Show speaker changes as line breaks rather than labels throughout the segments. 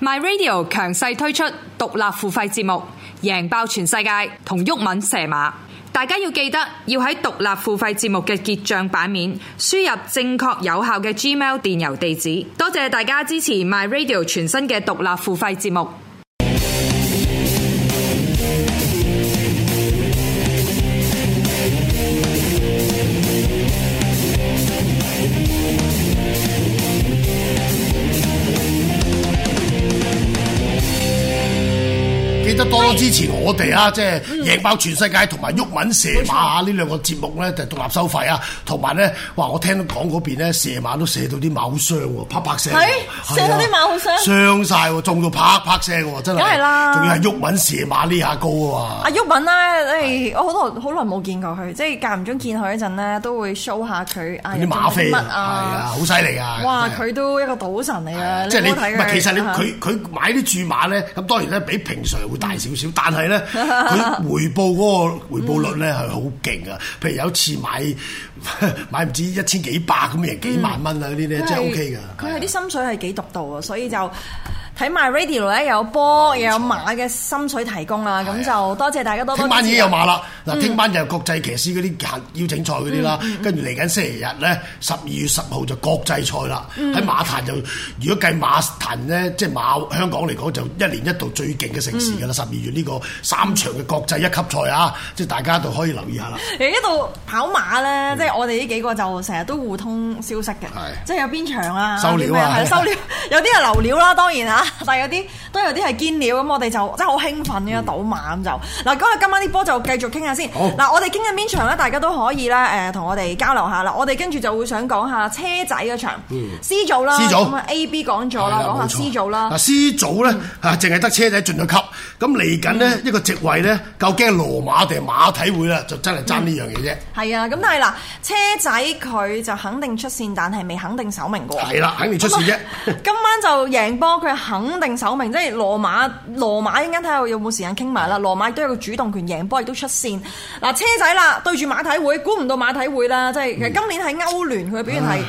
My Radio 強勢推出獨立付費節目，贏爆全世界同鬱敏射馬，大家要記得要喺獨立付費節目嘅結賬版面輸入正確有效嘅 Gmail 電郵地址。多謝大家支持 My Radio 全新嘅獨立付費節目。
多支持我哋啊！即係贏爆全世界，同埋鬱敏射馬呢兩個節目咧就獨立收費啊，同埋咧話我聽講嗰邊咧射馬都射到啲馬好傷喎，啪啪聲，射到啲馬好傷，傷晒喎，中到啪啪聲喎，真係，梗係啦，仲要係鬱敏射馬呢下高啊！
阿鬱敏咧，誒，我好多好耐冇見過佢，即係間唔中見佢一陣咧，都會 show 下佢啲馬飛啊，係啊，好犀利啊！哇，佢都一個賭神嚟嘅，即係你睇其實你佢
佢買啲注馬咧，咁當然咧比平常會大。少少，但係咧，佢 回報嗰個回報率咧係好勁啊！譬如有次買買唔知一千幾百咁贏幾萬蚊啊，嗰啲咧真係 OK 㗎。
佢係啲心水係幾獨到啊，所以就。睇埋 radio 咧，有波又有馬嘅心水提供啦，咁就多謝大家多。聽晚已經有馬啦，
嗱，聽晚就國際騎師嗰啲邀要整賽邀請賽嗰啲啦，跟住嚟緊星期日咧，十二月十號就國際賽啦。喺馬壇就如果計馬壇咧，即係馬香港嚟講就一年一度最勁嘅城市㗎啦。十二月呢個三場嘅國際一級賽啊，即係大家都可以留意下
啦。誒，一度跑馬咧，即係我哋呢幾個就成日都互通消息嘅，即係有邊場啊，收料啊？係收料，有啲係流料啦，當然嚇。但係有啲都有啲係堅料，咁我哋就真係好興奮呢一賭馬咁就嗱，咁啊今晚啲波就繼續傾下先。嗱，我哋傾緊邊場咧？大家都可以咧誒，同我哋交流下啦。我哋跟住就會想講下車仔嗰場，C 組啦，咁啊 A、B 講咗啦，講下 C 組啦。C
組咧嚇，淨係得車仔進咗級，咁嚟緊呢，一個席位咧，究竟係羅馬定係馬體會啦，就真係爭呢樣嘢啫。
係啊，咁但係嗱，車仔佢就肯定出線，但係未肯定首名嘅喎。係啦，肯定出線啫。今晚就贏波，佢肯定首名，即係羅馬，羅馬依家睇下有冇時間傾埋啦。羅馬都有個主動權，贏波亦都出線。嗱，車仔啦，對住馬體會，估唔到馬體會啦，即係其實今年喺歐聯佢嘅表現係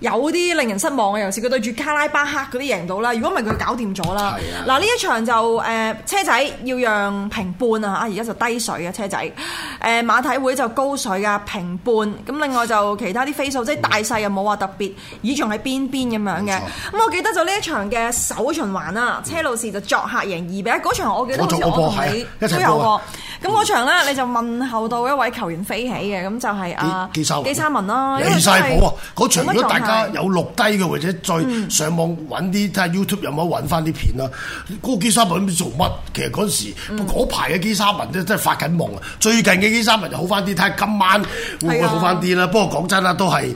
有啲令人失望嘅。唉尤其是佢對住卡拉巴克嗰啲贏到啦，如果唔係佢搞掂咗啦。嗱呀，呢一場就誒車仔要讓平半啊，而家就低水啊，車仔。誒馬體會就高水㗎平半，咁另外就其他啲飛數即係大細又冇話特別，以場喺邊邊咁樣嘅。咁我記得就呢一場嘅首循環啦，車路士就作客贏二比一。嗰場我記得好似我同你都有過。咁嗰場咧，你就問候到一位球員飛起嘅，咁就係啊基沙文。基沙文啦，離曬譜啊！嗰場如果大家
有錄低嘅，或者再上網揾啲，睇 YouTube 有冇揾翻啲片啦。嗰個基沙文做乜？其實嗰時嗰排嘅基沙文真係發緊夢啊！最近嘅。基沙文就好翻啲，睇下今晚會唔會好翻啲啦。是啊、不過講真啦，都係，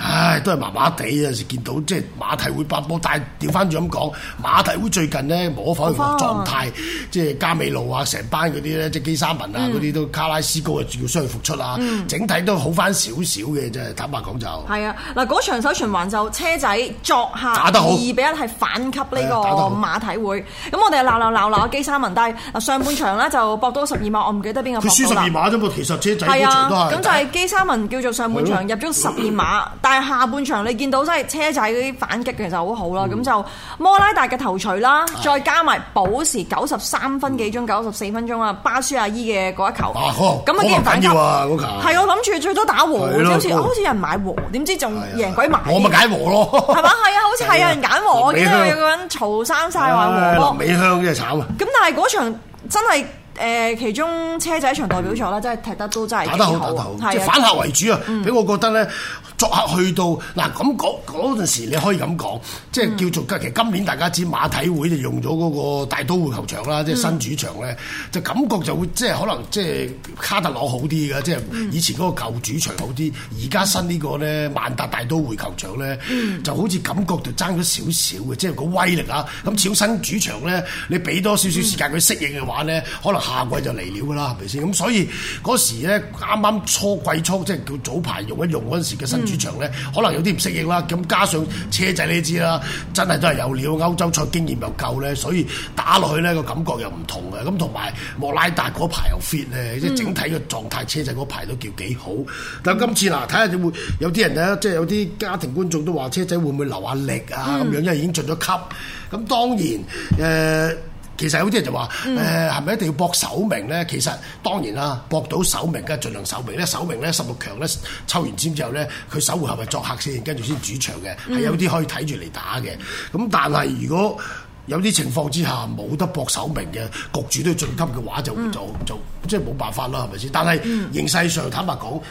唉，都係麻麻地有時見到即係馬體會八波，但係調翻轉咁講，馬體會最近呢，模仿個狀態，花啊、即係加美路啊，成班嗰啲咧，即係基沙文啊，嗰啲都卡拉斯高啊，仲要傷愈復出啊，嗯、整體都好翻少少嘅，即係坦白講就
係啊嗱，嗰場首循環就車仔作客打得好二比一係反擊呢個馬體會，咁、啊、我哋鬧鬧鬧鬧基沙文，但係上半場咧就博多十二碼，我唔記得邊個博多啦。
其實車仔，係啊，咁就係
基沙文叫做上半場入咗十二碼，但係下半場你見到真係車仔嗰啲反擊其實好好啦。咁就摩拉達嘅頭錘啦，再加埋保時九十三分幾鐘，九十四分鐘啊，巴舒亞伊嘅嗰一
球。啊，好！咁啊，竟然
係我諗住最多打和，好似好似有人買和，點知仲贏鬼埋，我咪解和咯，係嘛？係啊，好似係有人揀和嘅，我記得有個人嘈生晒話和咯。美
香嘅係慘啊！
咁但係嗰場真係。誒，其中車仔場代表作啦，真係踢得都真係打得好，即係的反客為
主啊！俾、嗯、我覺得咧。作客去到嗱咁嗰嗰陣時你可以咁講，即係叫做、mm. 其實今年大家知馬體會就用咗嗰個大都會球場啦，即係新主場咧，mm. 就感覺就會即係可能即係卡特羅好啲嘅，即係、mm. 以前嗰個舊主場好啲，而家新個呢個咧萬達大都會球場咧，mm. 就好似感覺就爭咗少少嘅，即係個威力啦、啊，咁小新主場咧，你俾多少少時間佢適應嘅話咧，mm. 可能下季就嚟了㗎啦，係咪先？咁所以嗰時咧啱啱初季初即係叫早排用一用陣時嘅新，的新的。Mm. 主場咧，可能有啲唔適應啦。咁加上車仔你都知啦，真係都係有料，歐洲賽經驗又夠咧，所以打落去咧個感覺又唔同嘅。咁同埋莫拉達嗰排又 fit 咧、嗯，即係整體嘅狀態車仔嗰排都叫幾好。咁今次嗱，睇下會有啲人咧，即係有啲家庭觀眾都話車仔會唔會留下力啊咁、嗯、樣，因為已經晉咗級。咁當然誒。呃其實有啲人就話誒係咪一定要搏首名咧？其實當然啦，搏到首名梗係盡量首名咧。首名咧，十六強咧抽完籤之後咧，佢首回合咪作客先，跟住先主場嘅，係有啲可以睇住嚟打嘅。咁但係如果有啲情況之下冇得搏首名嘅，迫住都要進級嘅話，就會、嗯、就就即係冇辦法啦，係咪先？但係、嗯、形勢上坦白講。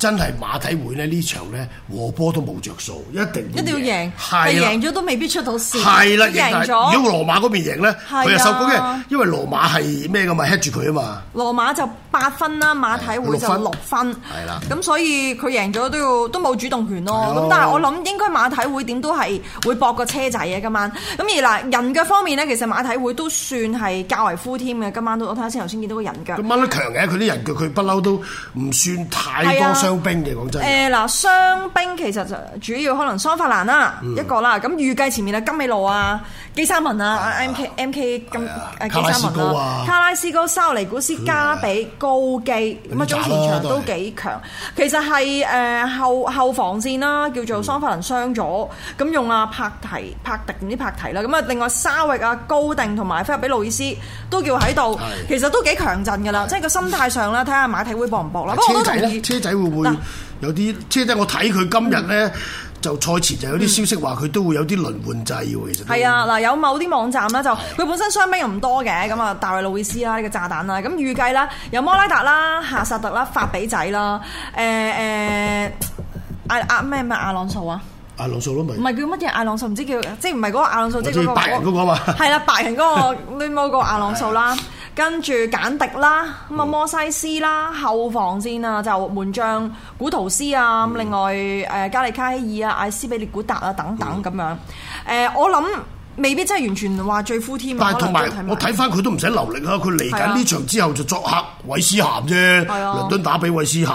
真係馬體會咧呢場咧，和波都冇着數，一定要一定要贏，係啦，贏
咗都未必出到線。係啦，贏咗。如果羅
馬嗰邊贏咧，佢就受唔到嘅，因為羅馬係咩嘅嘛，食住佢啊嘛，
羅馬就，八分啦，馬體會就六分，係啦的。咁、嗯、所以佢贏咗都要都冇主動權咯。咁的但係我諗應該馬體會點都係會搏個車仔啊。今晚咁而嗱人腳方面咧，其實馬體會都算係較為敷添嘅。今晚都我睇下先，頭先見到個人腳。佢
掹得強嘅，佢啲人腳佢不嬲都唔算太多傷兵嘅。講的真。
誒嗱，傷兵其實就主要可能桑法蘭啦一個啦。咁、嗯、預計前面係金美羅三文、嗯、啊、基沙文啊、M K M K、金誒基沙文啦、卡拉斯高啊、卡拉斯高、沙尼古斯加比。嗯高技咁啊，中前場都幾強，對 其實係誒、呃、後後防線啦，叫做桑法倫傷咗，咁用阿帕提帕迪唔知帕提啦，咁啊另外沙域啊高定同埋菲律比路易斯都叫喺度，其實都幾強陣㗎啦。即係對 個心態上
啦，睇下馬體會搏唔搏啦。車仔咧，車仔會唔會有啲車仔？但 我睇佢今日咧。嗯就賽前就有啲消息話佢都會有啲輪換制喎，其實係
啊，嗱有某啲網站啦，就佢本身傷兵又唔多嘅，咁啊，大衛路易斯啦呢、呢個炸彈啦，咁預計啦有摩拉達啦、夏薩特啦、法比仔啦，誒誒阿阿咩咩阿朗素啊？
阿朗素咯，咪唔係
叫乜嘢？阿朗素唔、啊、知叫，即係唔係嗰個阿、啊、朗素、嗰個，即係最白人嗰個嘛？係啦、啊，白人嗰、嗰個聯冇個阿朗素啦。 哎跟住簡迪啦，咁啊摩西斯啦，後防線啊就門將古圖斯啊，咁、嗯、另外誒加利卡希爾啊、艾斯比列古達啊等等咁樣，誒、嗯呃、我諗。未必真係完全話最夫添，但係同埋我
睇翻佢都唔使留力啊！佢嚟緊呢場之後就作客韋斯咸啫，是的 倫敦打俾韋斯咸，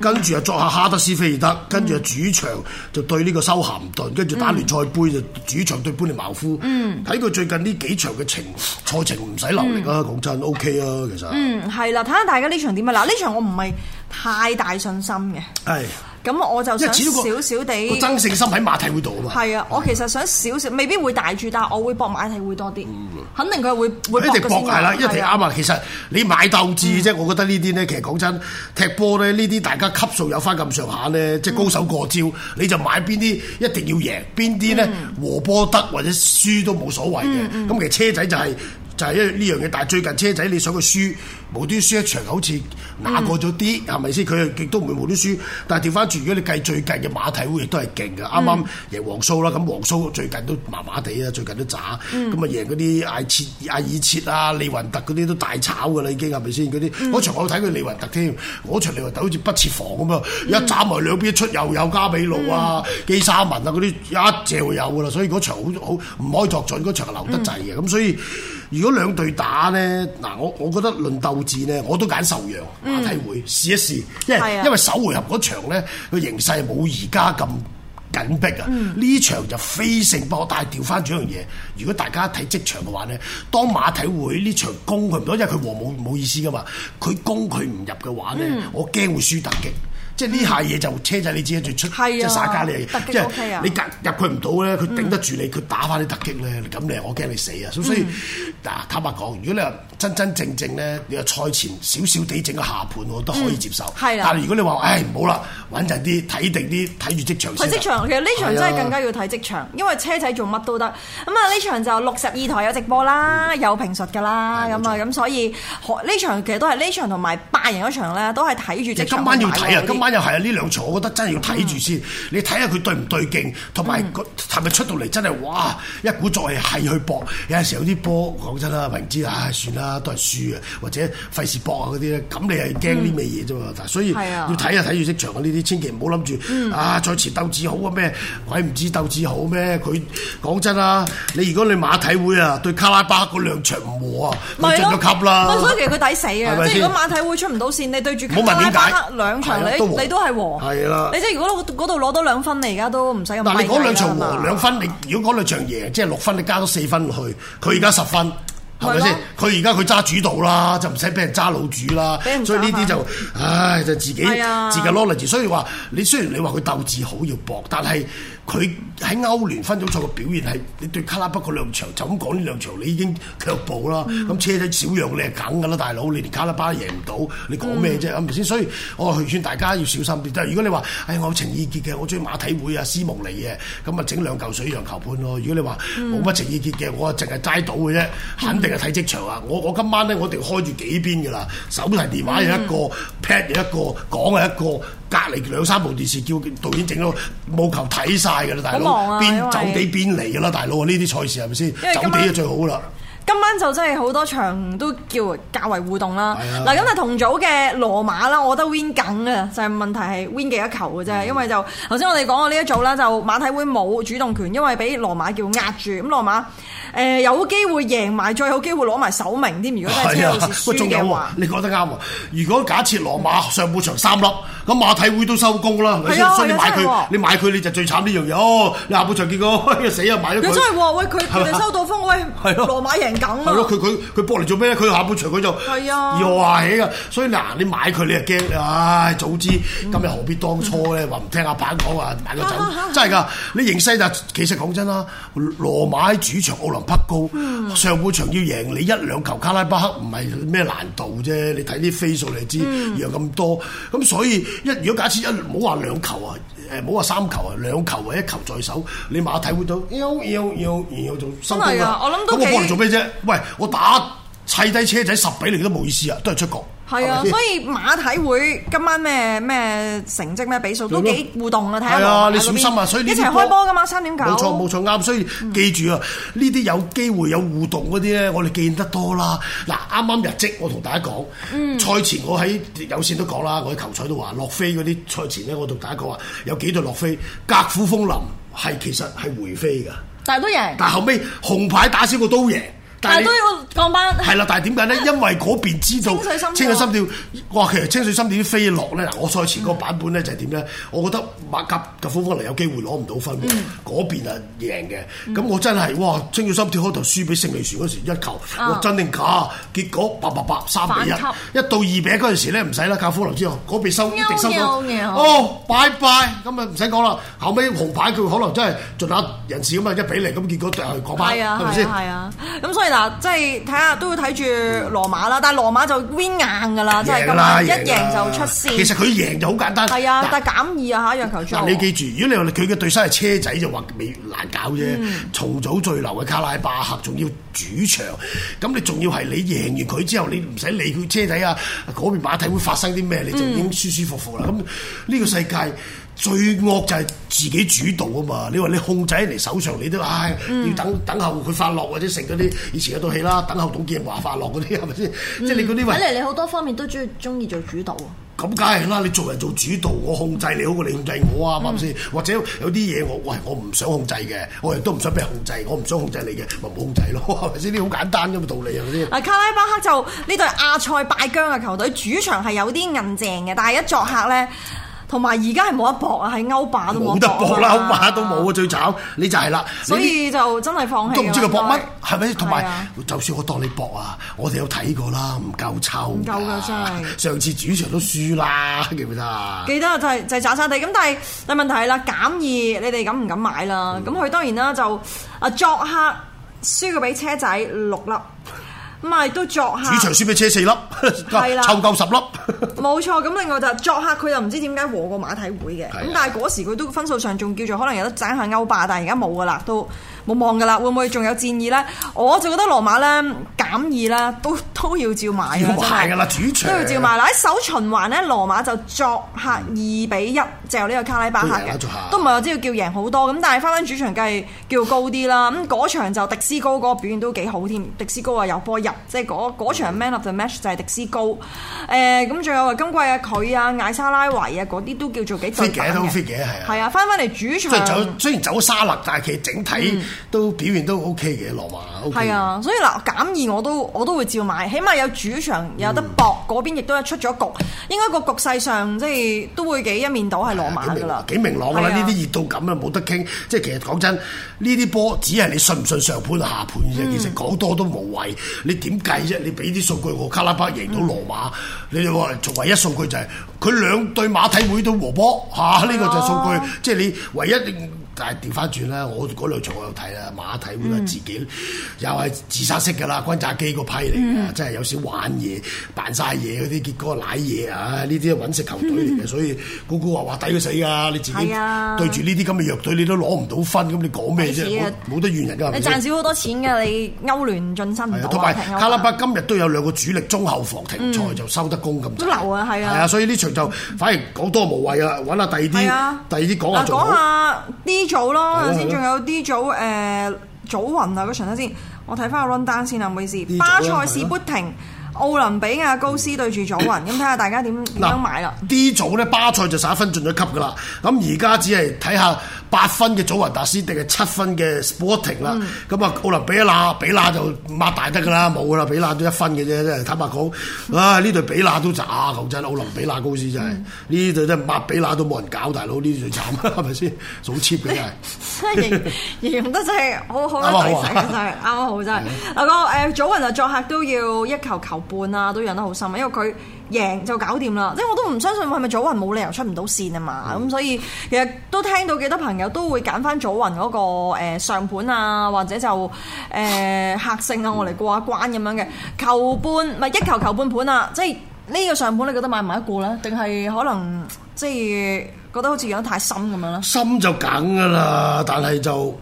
跟住、嗯、又作客哈德斯菲爾德，跟住主場就對呢個修咸頓，跟住打聯賽杯就、嗯、主場對布倫茅夫。嗯，睇佢最近呢幾場嘅情賽、嗯、情唔使留力啊！講、嗯、真，OK 啊，其實嗯
係啦，睇下大家呢場點啊！嗱，呢場我唔係太大信心嘅。係。咁我就想少少哋，個爭勝心
喺馬體會度啊嘛。係
啊，我其實想少少，未必會大注，但係我會搏馬體會多啲。肯定佢會會一定搏係啦，一定啱
啊。其實你買鬥智啫，我覺得呢啲咧，其實講真，踢波咧呢啲大家級數有翻咁上下咧，即係高手過招，你就買邊啲一定要贏，邊啲咧和波得或者輸都冇所謂嘅。咁其實車仔就係。就係因為呢樣嘢，但係最近車仔，你想佢輸無端端輸一場，好似矮過咗啲，係咪先？佢亦都唔會無端端輸。但係調翻轉，如果你計最近嘅馬體會，亦都係勁㗎。啱啱、嗯、贏黃蘇啦，咁黃蘇最近都麻麻地啦，最近都渣。咁啊、嗯、贏嗰啲艾切艾爾切啊、李雲特嗰啲都大炒㗎啦，已經，係咪先？嗰啲嗰場我睇佢李雲特添，嗰場李雲特好似不設防咁啊！嗯、一揸埋兩邊一出又有加比路啊、基沙文啊嗰啲一就有㗎啦，所以嗰場好好唔可以作準，嗰場流得滯嘅。咁、嗯、所以。如果兩隊打呢，嗱，我我覺得論鬥志呢，我都揀受讓馬體會試，嗯、一試，因為是的 因為首回合嗰場呢個形勢冇而家咁緊迫啊，呢、嗯、場就非勝不可。但係調翻轉樣嘢，如果大家睇即場嘅話呢，當馬體會呢場攻佢唔到，因為佢和冇冇意思噶嘛，佢攻佢唔入嘅話呢，嗯、我驚會輸突擊。即係呢下嘢就車仔，你知啦，最出即係耍家你嘢，即係你入佢唔到咧，佢頂得住你，佢打翻啲突擊咧，咁你我驚你死啊！所以嗱，坦白講，如果你話真真正正咧，你個賽前少少啲整個下盤，我都可以接受。但係如果你話，唉，唔好啦，穩陣啲睇定啲，睇住即場。睇即場，其實呢場真係更加
要睇即場，因為車仔做乜都得。咁啊，呢場就六十二台有直播啦，有評述噶啦，咁啊，咁所以呢場其實都係呢場同埋拜仁嗰場咧，都係睇住即場，今晚要睇啊！今晚。
又係啊！呢兩場我覺得真係要睇住先，嗯、你睇下佢對唔對勁，同埋佢係咪出到嚟真係哇一鼓作氣係去搏？有陣時候有啲波講真啦，明知啊、哎，算啦，都係輸啊，或者費事搏啊嗰啲咧。咁你係驚啲咩嘢啫嘛？嗯、所以要睇下睇住職場啊，呢啲千祈唔好諗住啊！賽前鬥志好啊咩？鬼唔知鬥志好咩？佢講真啊，你如果你馬體會啊對卡拉巴嗰兩場唔和啊，咪升咗級啦。啊、所以其實
佢抵死啊！即係如果馬體會出唔到線，你對住卡拉巴兩場，場你。你都係和，係啦的。你即係如果嗰度攞多兩分，你而
家都唔使咁。但你嗰兩場和吧兩分，你如果嗰兩場贏，即係六分，你加多四分去，佢而家十分，係咪先？佢而家佢揸主導啦，就唔使俾人揸老主啦。的所以呢啲就，的唉，就自己的自己攞嚟住。所以話，你雖然你話佢鬥志好要搏，但係。佢喺歐聯分組賽嘅表現係，你對卡拉巴嗰兩場就咁講呢兩場，兩場你已經卻步啦。咁、嗯、車仔少讓你係梗㗎啦，大佬，你連卡拉巴贏唔到，你講咩啫？啱唔啱先？所以我勸大家要小心啲。真係，如果你話，哎，我有情意結嘅，我中意馬體會啊、斯蒙尼嘅，咁啊整兩嚿水讓球盤咯。如果你話冇乜情意結嘅，我啊淨係齋賭嘅啫，肯定係睇積場啊。嗯、我我今晚咧，我哋開住幾邊㗎啦？手提電話有一個 pad 有一個講係一個。嗯隔離兩三部電視，叫導演整到冇球睇晒嘅啦，大佬。啊、邊走地邊嚟嘅啦，大佬，呢啲賽事係咪先？是是走地就最好啦。
今晚就真係好多場都叫較為互動啦。嗱、啊，咁啊同組嘅羅馬啦，我覺得 win 緊啊，就係問題係 win 幾多球嘅啫。因為就頭先我哋講過呢一組啦，就馬體會冇主動權，因為俾羅馬叫壓住。咁羅馬誒、呃、有機會
贏埋，最好機會攞埋首名添。如果係真係輸嘅話，啊、你講得啱啊。如果假設羅馬上半場三粒，咁馬體會都收工啦。佢係玩緊你買佢是你，你，你就最慘呢樣嘢。你下半場結果 死啊買咗佢真係。喂佢未收
到分吧喂。係
咯，羅馬贏。係咯，佢佢佢搏嚟做咩咧？佢下半場佢就又起噶，所以嗱，你買佢你又驚，唉，早知今日何必當初咧？話唔聽阿鵬講話，買個走，真係噶！你形式就其實講真啦，羅馬喺主場奧林匹高，上半場要贏你一兩球，卡拉巴克唔係咩難度啫。你睇啲飛數你知，贏咁多，咁所以一如果假設一唔好話兩球啊。誒冇話三球啊，兩球或一球在手，你馬體會到，要要要，然後做收工啊！我諗都幾好，咁我幫你做咩啫？喂，我打砌低車仔十畀你都冇意思啊，都係出局。係啊，是是所以
馬體會今晚咩咩成績咩比數都幾互動看看馬馬啊！睇下你小心啊！喺嗰邊一齊開波噶嘛，三點九。冇錯冇
錯啱，所以記住啊！呢啲、嗯、有機會有互動嗰啲咧，我哋見得多啦。嗱，啱啱日職我同大家講，賽、嗯、前我喺有線都講啦，我喺球賽都話，洛飛嗰啲賽前咧，我同大家講話有幾隊洛飛，格虎風林係其實係回飛噶，
但係都贏，但
後尾紅牌打少個都贏。但係
都要降班，係啦。
但係點解咧？因為嗰邊知道清水心跳哇，其實清水心跳啲飛落咧，嗱，我賽前個版本咧就係點咧？我覺得馬甲嘅科夫尼有機會攞唔到分，嗰邊啊贏嘅。咁我真係哇！清水心跳開頭輸俾勝利船嗰時一球，真定假？結果八八八三比一，一到二比一嗰陣時咧唔使啦，靠科夫尼之後嗰邊收一定收到哦，拜拜咁啊唔使講啦。後尾紅牌佢可能真係盡打人士咁啊，一比零咁結果就係佢降班，係咪先？係啊，
咁所以。嗱，即係睇下都要睇住羅馬啦，但係羅馬就 win 硬噶啦，即係咁一贏就出線，其實佢贏就好簡單。係啊的，但係減二啊吓，讓球賽。但你記
住，如果你話佢嘅對手係車仔，就話未難搞啫。從早最流嘅卡拉巴克，仲要主場，咁你仲要係你贏完佢之後，你唔使理佢車仔啊嗰邊馬體會發生啲咩，你就已經舒舒服服啦。咁呢個世界。嗯最惡就係自己主導啊嘛！你話你控制喺人哋手上，你都唉，要等等候佢發落，或者成嗰啲以前嗰套戲啦，等候董建華發落嗰啲，係咪先？嗯、即係你嗰啲話睇嚟，你
好多方面都中中意做主
導喎。咁梗係啦！你做人做主導，我控制你好過你控制我啊，係咪先？嗯、或者有啲嘢我喂，我唔想控制嘅，我亦都唔想俾人控制，我唔想控制你嘅，咪冇控制咯，係咪先？啲好簡單嘅嘛道理，係咪先？
嗱，卡拉巴克就呢隊亞塞拜疆嘅球隊，主場係有啲硬淨嘅，但係一作客咧。同埋而家係冇得搏，得搏啊，喺歐霸都冇得搏啦，歐霸
都冇啊，最慘你就係啦，所以
就真係放棄。都唔知佢搏乜，
係咪？同埋是的 就算我當你搏啊，我哋有睇過啦，唔夠抽，唔
夠㗎真係。
上次主場都輸啦，記唔記得？記
得就係、是、就係渣渣地咁，但係但問題係啦，減二你哋敢唔敢買啦？咁佢、嗯、當然啦，就啊作客輸佢俾車仔六粒。唔係都作客，主場
輸俾車四粒，係啦的，湊 夠十粒，
冇 錯。咁另外就係、作客，佢又唔知點解和過馬體會嘅。咁的但係嗰時佢都分數上仲叫做可能有得爭下歐霸，但係而家冇㗎啦，都。冇望噶啦，會唔會仲有戰意咧？我就覺得羅馬咧減二啦，都都要照買。都要買噶
啦，的主場都要照買。
嗱喺首循環咧，羅馬就作客二比一就有呢個卡拉巴克都唔係我知要叫贏好多。咁但係翻翻主場梗係叫高啲啦。咁嗰場就迪斯高嗰個表現都幾好添。迪斯高啊有波入，即係嗰場 man of the match 就係迪斯高。誒咁仲有啊，今季啊佢啊艾沙拉維啊嗰啲都叫做幾進攻都 f i 係啊，係啊，翻翻嚟主場雖。
雖然走沙勒，但係其實整體、嗯。嗯都表現都 OK 嘅，羅馬係、OK、啊，
所以嗱減二我都我都會照買，起碼有主場有得博，嗰、嗯、邊亦都係出咗局，應該個局勢上即係都會幾一面倒係羅馬噶啦，幾、啊、明，明朗噶啦，呢啲、啊、
熱到咁啊冇得傾，即係其實講真，呢啲波只係你信唔信上盤下盤啫，嗯、其實講多都無謂，你點計啫？你俾啲數據我，卡拉巴贏到羅馬，嗯、你哋話做唯一數據就係、是、佢兩對馬體會到和波嚇，呢、啊、個就係數據，即係你唯一，唯一但係調翻轉啦，我嗰兩場我又睇啦，馬體都係自己又係自殺式嘅啦，軍炸機嗰批嚟嘅，真係有少玩嘢、扮晒嘢嗰啲，結果賴嘢啊！呢啲揾食球隊嚟嘅，所以姑姑話話抵佢死啊！你自己對住呢啲咁嘅弱隊，你都攞唔到分，咁你講咩啫？冇得怨人㗎。你賺少
好多錢㗎，你歐聯
進身唔到。同埋卡拉巴今日都有兩個主力中後防停賽，就收得工。咁。都
流啊，係啊。係啊，
所以呢場就反而講多無謂啦，揾下第二啲，第二啲講下仲好。嗱，講
下啲。組咯，頭先仲有啲組誒，祖雲啊，嗰場先，我睇翻個 run down 先啊，唔好意思，組巴塞士砵亭，奧的林比亞高斯對住祖雲，咁睇下大家點點樣買啦
？D 組咧，巴塞就十一分晉咗級噶啦，咁而家只係睇下。八分嘅祖雲達斯定係七分嘅 Sporting 啦，咁、嗯、啊奧林比亞比那就擘大得噶啦，冇啦，比那都一分嘅啫，坦白講，啊呢隊比那都渣，講真，奧林比那高斯真係，呢隊真擘，比那都冇人搞，大佬呢隊最慘，係咪先？好 cheap 嘅真
係，形容得真係好剛剛好睇，啊，真係啱啱好真係。阿哥的，誒、嗯、祖雲就作客都要一球球球半啦，都贏得好深，因為佢。贏就搞掂啦！即係我都唔相信，我係咪祖雲冇理由出唔到線啊嘛？咁是的 所以其實都聽到幾多朋友都會揀翻祖雲嗰個誒、呃、上盤啊，或者就誒、呃、客勝啊，我嚟過下關咁樣嘅球半咪一球球半盤啊！即係呢個上盤，你覺得買唔買得過咧？定係可能即係覺得好似讓得太深咁樣
咧？深就揀噶啦，但係就。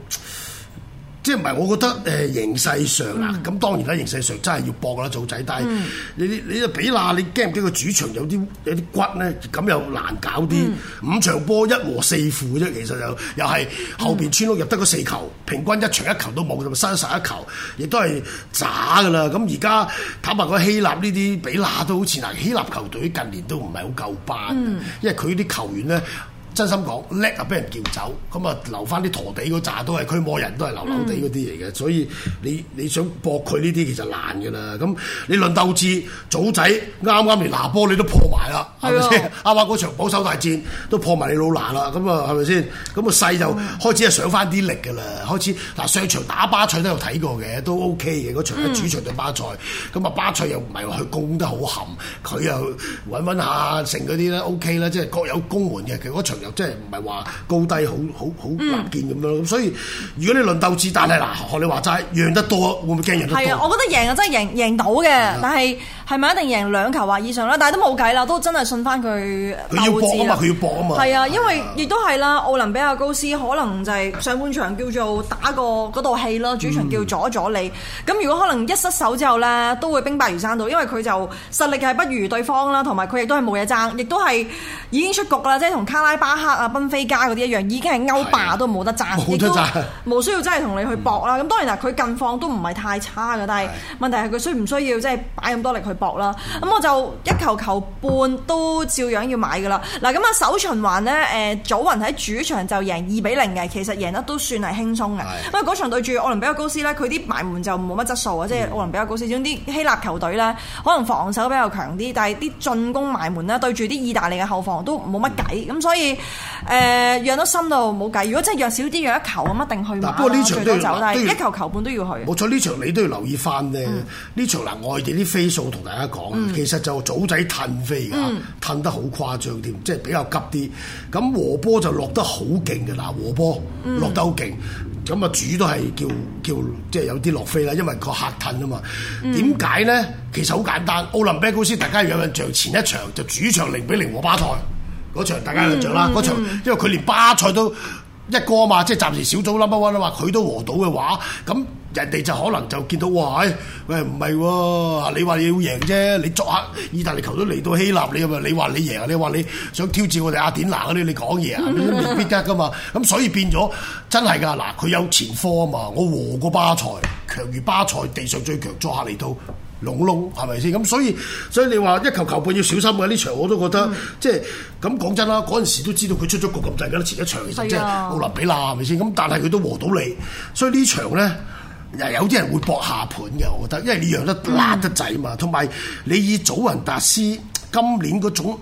即係唔係？我覺得誒、呃、形勢上啊，咁、嗯、當然啦，形勢上真係要搏啦，做仔。但係你、嗯、你你比那，你驚唔驚？個主場有啲有啲骨咧，咁又難搞啲。嗯、五場波一和四負啫，其實就係、又係後邊村屋入得個四球，嗯、平均一場一球都冇，就咪失十一球，亦都係渣噶啦。咁而家坦白講，希臘呢啲比那都好似嗱，希臘球隊近年都唔係好夠班，嗯、因為佢啲球員咧。真心講叻啊，俾人叫走咁啊，留翻啲陀地嗰扎都係驅魔人都係流流地嗰啲嚟嘅，嗯、所以你你想搏佢呢啲其實難嘅啦。咁你論鬥志，祖仔啱啱連拿波你都破埋啦，係咪先？啱啱嗰場保守大戰都破埋你老拿啦，咁啊係咪先？咁啊、那個、勢就開始係上翻啲力嘅啦，嗯、開始嗱上場打巴塞都有睇過嘅，都 OK 嘅嗰場，主場對巴塞，咁啊、嗯嗯、巴塞又唔係話佢攻得好冚，佢又揾揾下成嗰啲咧 OK 啦，即係各有攻門嘅。其實即係唔係話高低好好好難見咁樣，咁、嗯、所以如果你論鬥智，但係嗱學你話齋贏得多，會唔會驚人？得係啊，我
覺得贏啊真係贏贏到嘅，的但係。係咪一定贏兩球或以上啦？但係都冇計啦，都真係信翻佢鬥志。佢要搏啊嘛！佢要搏嘛啊嘛！係啊，因為亦都係啦。奧林比亞高斯可能就係上半場叫做打過嗰套戲囉，主場叫阻一阻你。咁、嗯、如果可能一失手之後咧，都會兵敗如山倒，因為佢就實力係不如對方啦，同埋佢亦都係冇嘢爭，亦都係已經出局㗎啦，即係同卡拉巴克啊、賓菲加嗰啲一樣，已經係歐霸的都冇得爭，冇得爭，冇需要真係同你去搏啦。咁、嗯嗯、當然啦，佢近況都唔係太差嘅，但係問題係佢需唔需要即係擺咁多力去？博啦，咁、嗯、我就一球球半都照樣要買噶啦。嗱、啊，咁啊首循環呢，誒，祖雲喺主場就贏二比零嘅，其實贏得都算係輕鬆嘅。是的 因為嗰場對住奧林比亞高斯呢，佢啲埋門就冇乜質素啊，是的 即係奧林比亞高斯。總之希臘球隊呢，可能防守比較強啲，但係啲進攻埋門呢，對住啲意大利嘅後防都冇乜計。咁所以誒、呃，讓得深度冇計。如果真係弱少啲，讓一球咁一定去。不過呢場都要走，一
球球半都要去。冇錯，呢場你都要留意翻咧。呢、嗯嗯、場嗱，外地啲飛數同。大家講，嗯、其實就早仔騰飛㗎，騰、嗯、得好誇張添，即係比較急啲。咁和波就落得好勁嘅，嗱和波落得好勁。咁啊、嗯、主都係叫叫，即係、就是、有啲落飛啦，因為個客騰啊嘛。點解咧？其實好簡單，奧林比亞高斯大家有印象，前一場就主場零比零和巴塞嗰場，大家有印象啦。嗰、嗯、場、嗯嗯、因為佢連巴塞都一哥啊嘛，即係暫時小組 number one 啦嘛，佢都和到嘅話，咁。人哋就可能就見到哇，喂，唔係喎，你話你要贏啫，你作客意大利球都嚟到希臘，你又話你話你贏，你話你想挑戰我哋阿典娜嗰啲，你講嘢啊，你都未必得噶嘛。咁 所以變咗真係噶，嗱，佢有前科啊嘛，我和過巴塞，強如巴塞，地上最強作客嚟到隆隆，係咪先？咁所以所以你話一球球半要小心啊！呢場我都覺得、嗯、即係咁講真啦，嗰陣時都知道佢出咗局咁滯，而家前一場其實即係奧林比亞係咪先？咁 但係佢都和到你，所以呢場呢所以呢場咧。有啲人會搏下盤嘅，我覺得，因為你贏得得滯嘛，同埋你以祖雲達斯今年嗰種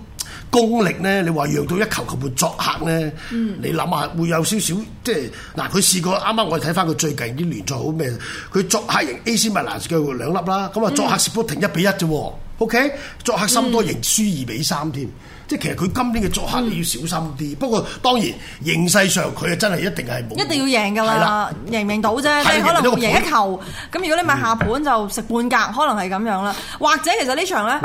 功力咧，你話讓到一球球會作客咧，你諗下會有少少即係嗱，佢試過啱啱我哋睇翻佢最近啲聯賽好咩？佢作客贏 AC 米蘭叫兩粒啦，咁啊作客士砵亭一比一啫，O K，作客森多贏輸二比三添。即係其實佢今年嘅作客你要小心啲，不過當然形勢上佢啊真係一定係冇，一定要
贏㗎啦，贏唔贏到啫？即係你可能贏一球咁，如果你買下盤就食半格，可能係咁樣啦。或者其實呢場咧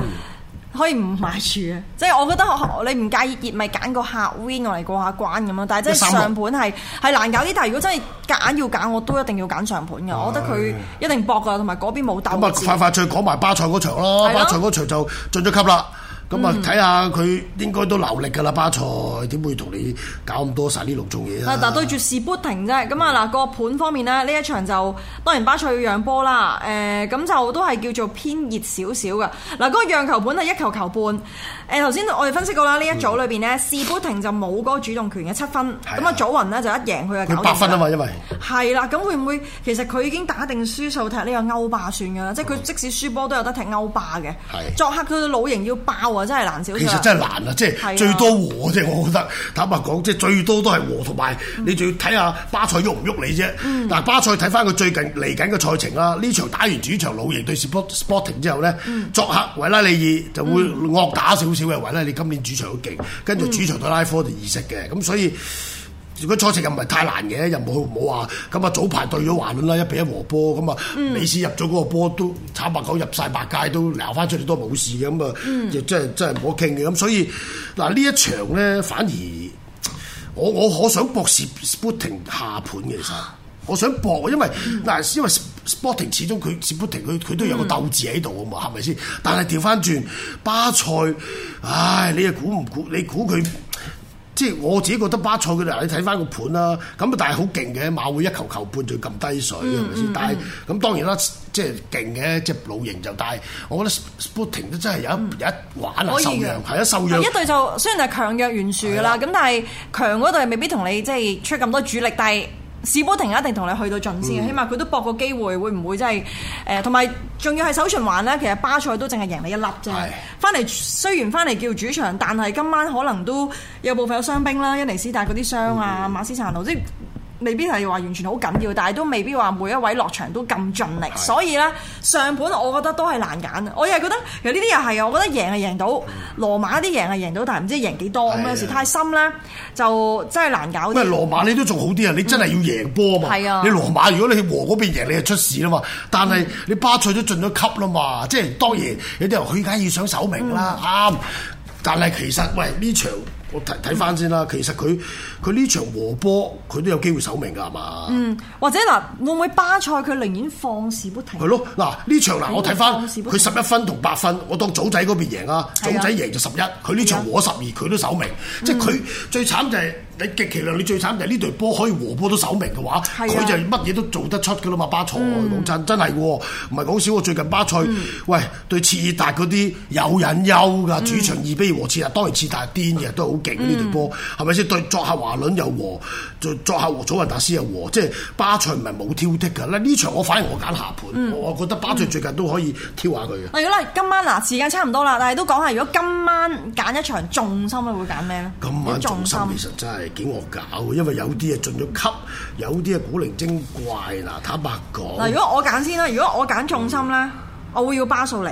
可以唔買住嘅，即係我覺得你唔介意結咪揀個客 win 我嚟過下關咁咯。但係真係上盤係係難搞啲，但係如果真係夾硬要揀，我都一定要揀上盤嘅。我覺得佢一定搏㗎，同埋嗰邊
冇膽。快快脆講埋巴塞嗰場啦，巴塞嗰場就進咗級啦。咁啊，睇下佢應該都流力噶啦，巴塞點會同你搞咁多晒呢六種嘢啊係嗱、嗯，但
對住士砵亭啫。咁啊嗱，個盤方面咧，呢一場就當然巴塞要讓波啦。誒、呃，咁就都係叫做偏熱少少嘅。嗱、呃，個讓球盤係一球球半。誒頭先我哋分析過啦，呢一組裏邊咧，嗯、士砵亭就冇嗰個主動權嘅七分。咁是啊祖呢，祖雲咧就一贏佢就九點三分啊嘛，因為、啊，係啦。咁會唔會其實佢已經打定輸數踢呢個歐霸算嘅啦？即係佢即使輸波都有得踢歐霸嘅。係的作客佢嘅老型要爆啊！哦、真係難少少，其實真係難是啊！即係最多
和啫，我覺得坦白講，即係最多都係和，同埋你仲要睇下巴塞喐唔喐你啫。但係、嗯、巴塞睇翻佢最近嚟緊嘅賽程啦，呢場打完主場老營對 Sporting 之後呢，嗯、作客維拉利爾就會惡打少少嘅話咧，維拉利、嗯、今年主場好勁，跟住主場對拉科就易食嘅，咁、嗯、所以。如果初程又唔係太難嘅，又冇冇話咁啊。早排對咗橫輪啦，一比一和波咁啊！尾市、嗯、入咗嗰個波都，三白狗入晒八街都，撩翻出嚟都冇事嘅咁啊！亦、嗯、真係真係唔好傾嘅咁，所以嗱呢一場咧，反而我我可想搏下、啊、我想博 sporting 下盤嘅其實，我想博，因為嗱、嗯、因為 sporting 始終佢 sporting 佢佢都有個鬥志喺度啊嘛，係咪先？但係調翻轉巴塞，唉，你又估唔估？你估佢？即係我自己覺得巴塞佢哋，你睇翻個盤啦，咁但係好勁嘅，馬會一球球半就撳低水，係咪先？嗯、但係是咁、嗯、當然啦，即係勁嘅，即係老型。就，但係我覺得 Sporting 都真係有一、嗯、有一玩啊受讓，係啊受讓。弱一隊就雖
然係強弱懸殊㗎啦，咁的但係強嗰隊未必同你即係出咁多主力，但係。史波廷一定同你去到盡先，嗯、起碼佢都搏個機會，會唔會真係？誒、呃，同埋仲要係首循環呢？其實巴塞都淨係贏你一粒啫。翻嚟是的 雖然翻嚟叫主場，但係今晚可能都有部分有傷兵啦，因尼斯達嗰啲傷啊，嗯、馬斯查奴，即未必係話完全好緊要，但係都未必話每一位落場都咁盡力，是的 所以咧上盤我覺得都係難揀啊！我又覺得其實呢啲又係啊，我覺得贏係贏到、嗯、羅馬啲贏
係贏到，但係唔知贏幾多咁。有時太深咧是的 就真係難搞。喂，羅馬你都仲好啲啊！你真係要贏波啊嘛！嗯、你羅馬如果你和嗰邊贏，你係出事啦嘛！但係你巴塞都進咗級啦嘛，即係當，當然有啲人佢而家要想守名啦啱，但係其實喂呢場我睇睇翻先啦，其實佢。佢呢場和波，佢都有機會守命㗎係嘛？
嗯，或者嗱，會唔會巴塞佢寧願放士砵亭？係咯，
嗱呢場嗱我睇翻佢十一分同八分，我當祖仔嗰邊贏啊，祖仔贏就十一。佢呢場和十二，佢都守命，即係佢最慘就係你極其量你最慘就係呢隊波可以和波都守命嘅話，佢就乜嘢都做得出㗎啦嘛！巴塞講真真係喎，唔係講笑喎。最近巴塞喂對次達嗰啲有隱憂㗎，主場二比二和次達，當然次達癲嘅都係好勁呢隊波，係咪先對作客還？阿倫又和，作客和祖雲達斯又和，即係巴塞唔係冇挑剔噶。嗱呢場我反而我揀下盤，嗯、我覺得巴塞最近都可以挑下佢。
嘅、嗯。嗱、嗯，如果今晚嗱時間差唔多啦，但係都講下如果今晚揀一場重心會揀咩咧？今晚重心，重心其實
真係幾惡搞，因為有啲啊進咗級，有啲啊古靈精怪嗱。坦白講，嗱如果
我揀先啦，如果我揀重心咧，嗯、我會要巴素利。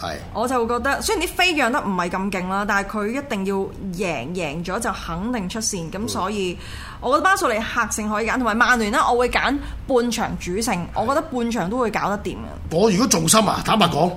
是我就覺得，雖然啲飛讓得唔係咁勁啦，但係佢一定要贏，贏咗就肯定出線。咁是的 所以，我覺得巴素利客勝可以揀，同埋曼聯咧，我會揀半場主勝，是的 我覺得半場都會搞得掂嘅。
我如果重心啊，坦白講，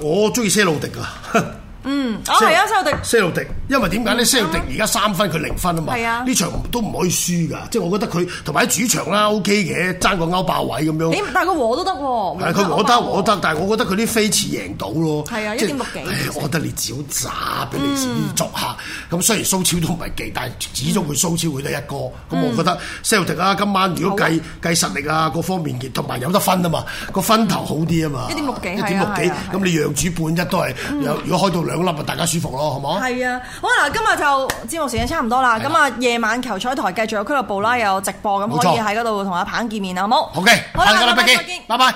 我中意些路迪啊。
嗯，哦，係啊，西路
迪，西路迪，因為點解咧？西路迪而家三分佢零分啊嘛，呢場都唔可以輸噶。即係我覺得佢同埋喺主場啦，O K 嘅，爭個歐霸位咁樣。
但係佢和都得喎，係佢和得和
得，但係我覺得佢啲飛次贏到咯。係啊，一點六幾。我覺得你招雜，尤其是作客。咁雖然蘇超都唔係勁，但係始終佢蘇超會得一個。咁我覺得西路迪啊，今晚如果計計實力啊，各方面嘅同埋有得分啊嘛，個分頭好啲啊嘛。一點
六幾，一點六幾。
咁你讓主半一都係如果開到兩。好啦，大家舒服囉，好唔好？
係啊，好啦，今日就節目時間差唔多啦。咁啊的，夜晚球賽台繼續有俱樂部啦，有直播，咁錯可以喺嗰度同阿鵬見面，好唔好？Okay, 好嘅，好啦，下個禮拜見，拜拜。